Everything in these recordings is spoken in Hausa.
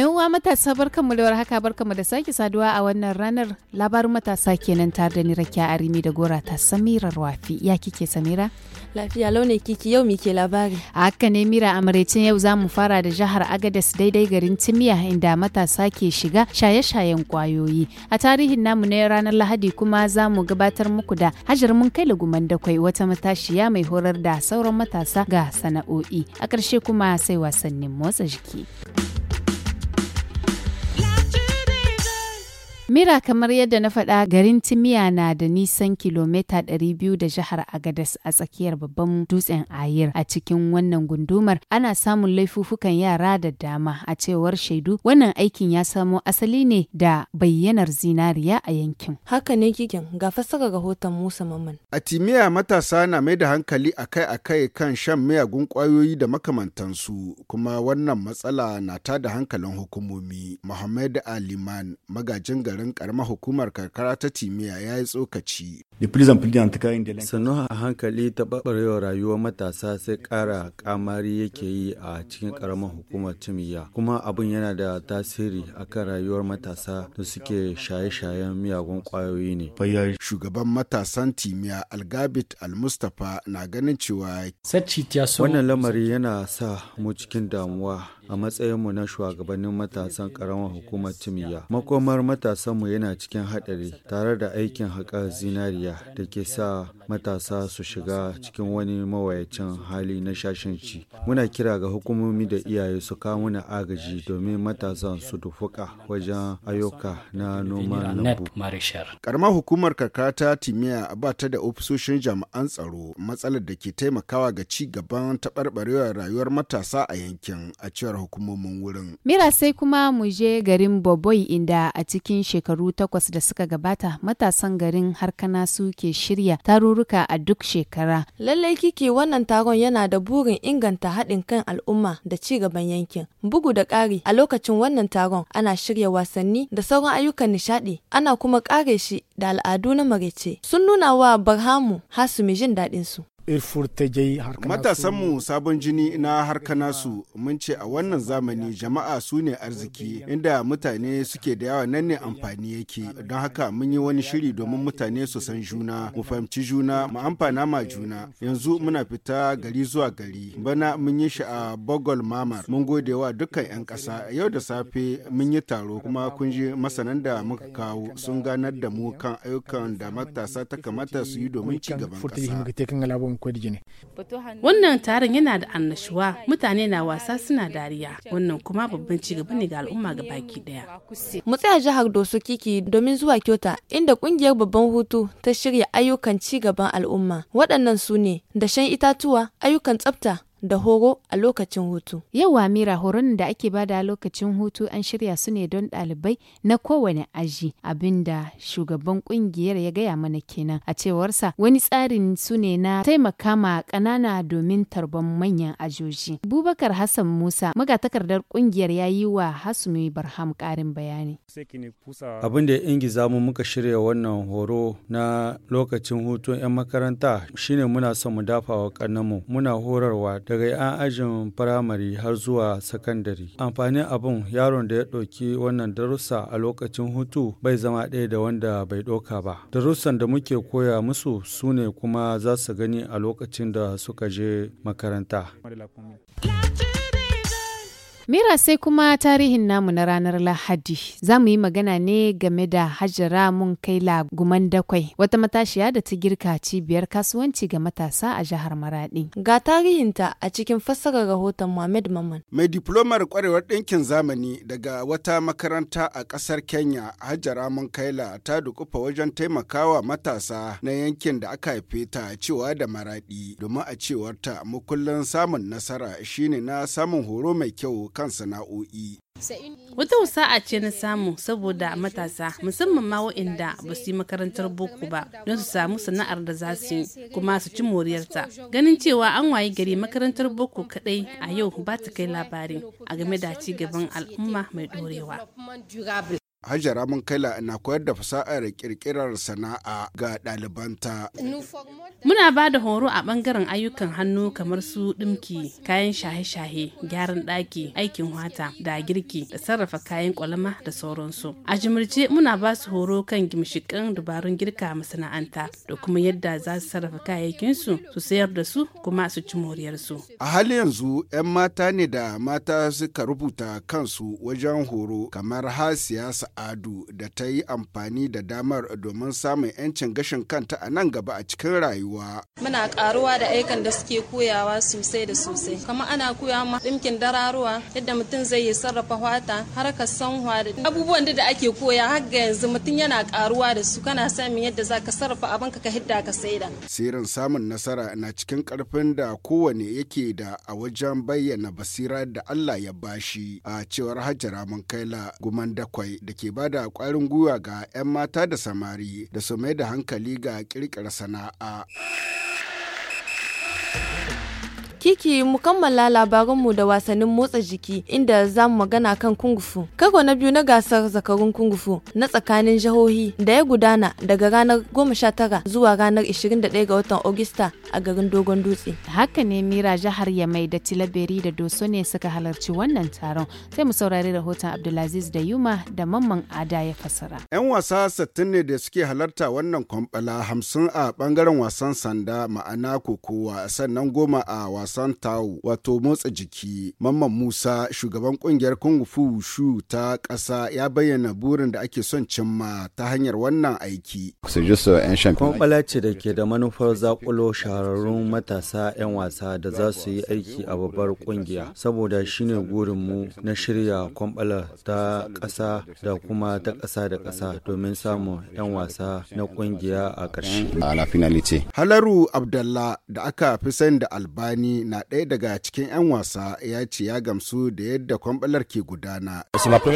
a uwa matasa barkanmu da warhaka barkanmu da sake saduwa a wannan ranar labarin matasa kenan tare da ni Rakiya Arimi da Gora ta Samira Rafi. Ya kike Samira? Lafiya launi kiki yau mike labari. A haka ne Mira Amarecin yau zamu fara da jihar Agadez daidai garin Timiya inda matasa ke shiga shaye-shayen kwayoyi. A tarihin namu na ranar Lahadi kuma zamu gabatar muku da Hajar mun kai laguman dakwai wata matashiya mai horar da sauran matasa ga sana'o'i. A ƙarshe kuma sai wasannin motsa jiki. Mira kamar yadda na faɗa garin Timiya na da nisan kilomita 200 da jihar Agadas a tsakiyar babban dutsen Ayir a cikin wannan gundumar ana samun laifufukan yara da dama a cewar shaidu wannan aikin ya samo asali ne da bayyanar zinariya a yankin. Haka ne kikin ga fasaka ga hoton Musa Maman. A Timiya matasa na mai da hankali akai-akai kan shan miyagun kwayoyi da makamantansu kuma wannan matsala na ta da hankalin hukumomi. Muhammad Aliman magajin garin garin karamar hukumar karkara ta timiya ya yi tsokaci. sannu a hankali taɓarɓarewar rayuwar matasa sai ƙara ƙamari yake yi a cikin karamar hukumar timiya kuma abin yana da tasiri a kan rayuwar matasa da suke shaye-shayen miyagun ƙwayoyi ne. shugaban matasan timiya algabit almustapha na ganin cewa wannan lamari yana sa mu cikin damuwa a matsayinmu na shugabannin matasan karamar hukumar timiya makomar matasan ƙasarmu yana cikin haɗari tare da aikin haƙar zinariya da ke sa matasa su shiga cikin wani mawayacin hali na shashanci. Muna kira ga hukumomi da iyaye su kawo mana agaji domin matasan su dufuka wajen ayyuka na noma lambu. Karamar hukumar karkata Timiya ba ta da ofisoshin jami'an tsaro matsalar da ke taimakawa ga ci gaban taɓarɓarewar rayuwar matasa a yankin a cewar hukumomin wurin. Mira sai kuma mu je garin Boboi inda a cikin shekaru shekaru takwas da suka gabata matasan garin harkana ke shirya tarurruka a duk shekara. Lallai kiki wannan taron yana da burin inganta haɗin kan al'umma da ci gaban yankin. Bugu da ƙari a lokacin wannan taron ana shirya wasanni da sauran ayyukan nishaɗi ana kuma ƙare shi da al'adu na marece. Sun nuna wa Barhamu Hasumi jin daɗinsu. mu sabon jini na harka nasu mun ce a wannan zamani jama'a su ne arziki inda mutane suke da yawa nan ne amfani yake don haka mun yi wani shiri domin mutane su san juna mu fahimci juna mu amfana ma juna yanzu muna fita gari zuwa gari bana mun yi shi a bogol mamar mun gode wa dukkan 'yan ƙasa yau da safe mun yi taro kuma kun ji masanan da muka kawo sun ganar da mu kan ayyukan da matasa ta kamata su yi domin ci gaban Wannan taron yana da annashuwa mutane na wasa suna dariya wannan kuma babban ci cigaba ne ga al'umma ga baki daya. Mu tsaya jihar Doso Kiki domin zuwa Kyota inda kungiyar babban hutu ta shirya ayyukan ci gaban al'umma. Waɗannan su ne dashen itatuwa, ayyukan tsafta, da horo a lokacin hutu. Yau Amira horon da ake bada lokacin hutu an shirya su ne don ɗalibai na kowane aji abinda shugaban kungiyar ya gaya mana kenan a cewarsa wani tsarin su ne na taimaka ma ƙanana domin tarban manyan ajoji. Bubakar Hassan Musa magatakardar kungiyar ya yi wa Hasumi Barham ƙarin bayani. Abin da ya ingiza mu muka shirya wannan horo na lokacin hutu 'yan makaranta shine muna son mu dafa wa ƙannanmu muna horarwa daga 'yan ajin firamare har zuwa sakandare. Amfanin abun yaron da ya ɗauki wannan darussa a lokacin hutu bai zama ɗaya da wanda bai ɗauka ba. Darussan da muke koya musu su ne kuma za su gani a lokacin da suka je makaranta. Mira sai kuma tarihin namu na ranar Lahadi. Za mu yi magana ne game da Hajara kai Guman Dakwai, wata matashiya da ta girka cibiyar kasuwanci ga matasa a jihar Maradi. Ga tarihinta a cikin fassarar rahoton Muhammad Maman. Mai diplomar kwarewar ɗinkin zamani daga wata makaranta a ƙasar Kenya, Hajara kaila ta dukufa wajen taimakawa matasa na yankin da aka haife ta cewa da Maradi, domin a cewar cewarta mukullin samun nasara shine na samun horo mai kyau kan sana'o'i. Wata wasa'a ce na samu saboda matasa musamman ma waɗanda ba su yi makarantar boko ba don su samu sana'ar da za su yi kuma su ci moriyarta. Ganin cewa an wayi gari makarantar boko kadai a yau ba ta kai labari a game da ci gaban al'umma mai ɗorewa. Hajara Munkaila na koyar da fasa'ar kirkirar sana'a ga ɗalibanta. Muna ba da horo a ɓangaren ayyukan hannu kamar su ɗimki, kayan shahe-shahe, gyaran ɗaki, aikin wata, da girki, da sarrafa kayan kwalama da sauransu. A jimirce muna ba su horo kan gimshiƙin dabarun girka masana'anta da kuma yadda za su sarrafa kayayyakinsu su sayar da su kuma su ci moriyarsu. A hali yanzu 'yan mata ne da mata suka rubuta kansu wajen horo kamar har siyasa adu da ta yi amfani da damar domin samun 'yancin gashin kanta a nan gaba a cikin rayuwa. Muna karuwa da aikan da suke koyawa sosai da sosai. Kama ana koya ma ɗinkin dararuwa yadda mutum zai yi sarrafa fata harkar sanwa da abubuwan da ake koya har ga yanzu mutum yana karuwa da su kana sami yadda za ka sarrafa abin ka ka hidda ka saida. Sirrin samun nasara na cikin karfin da kowane yake da a wajen bayyana basira da Allah ya bashi a cewar Hajara Mankaila Guman Dakwai da ke ba da ƙwarin gwiwa ga 'yan mata da samari da su mai da hankali ga ƙirƙira sana'a. Kiki mu kammala mu da wasannin motsa jiki inda za mu magana kan kungufu. Kago na biyu na gasar zakarun kungufu na tsakanin jihohi da ya gudana daga ranar tara zuwa ranar 21 ga watan Agusta a garin Dogon Dutse. Haka ne Mira jihar Yamai da Tilaberi da Doso ne suka halarci wannan taron. Sai mu saurari rahoton Abdulaziz da Yuma da Mamman Ada ya fasara. 'Yan wasa 60 ne da suke halarta wannan kwambala 50 a bangaren wasan sanda ma'ana kokowa sannan goma a wasan santau wato motsa jiki mamman musa shugaban kungiyar kung fu shu ta kasa ya bayyana burin da ake son cimma ta hanyar wannan aiki uh, kwamfala ce da ke da manufar zakulo shahararrun matasa 'yan wasa da za su yi aiki a babbar kungiya saboda shine mu na shirya kwamfala ta kasa da kuma ta kasa da kasa domin samun 'yan wasa na kungiya a ƙarshe halaru abdallah da aka fi sani da albani na ɗaya daga cikin 'yan wasa ya ce ya gamsu da yadda kwambalar ke gudana.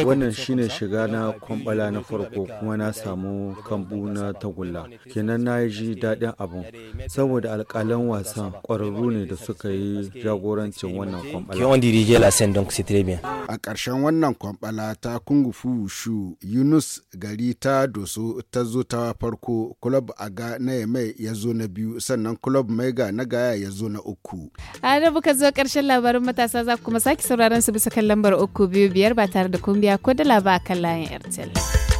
Wannan shine shiga na kwambala na farko kuma na samu kambu na tagulla. Kenan na yi ji daɗin abun. Saboda alƙalan wasan ƙwararru ne da suka yi jagorancin wannan kwambala. A ƙarshen wannan kwambala ta kungu shu Yunus gari ta doso ta zo ta farko kulob aga na mai ya zo na biyu sannan kulob mega na gaya ya zo na uku. a da buka zo karshen labarin matasa za kuma sake sauraron su bisa kan lambar uku biyu biyar ba tare da kumbiya ko da a kan layin airtel.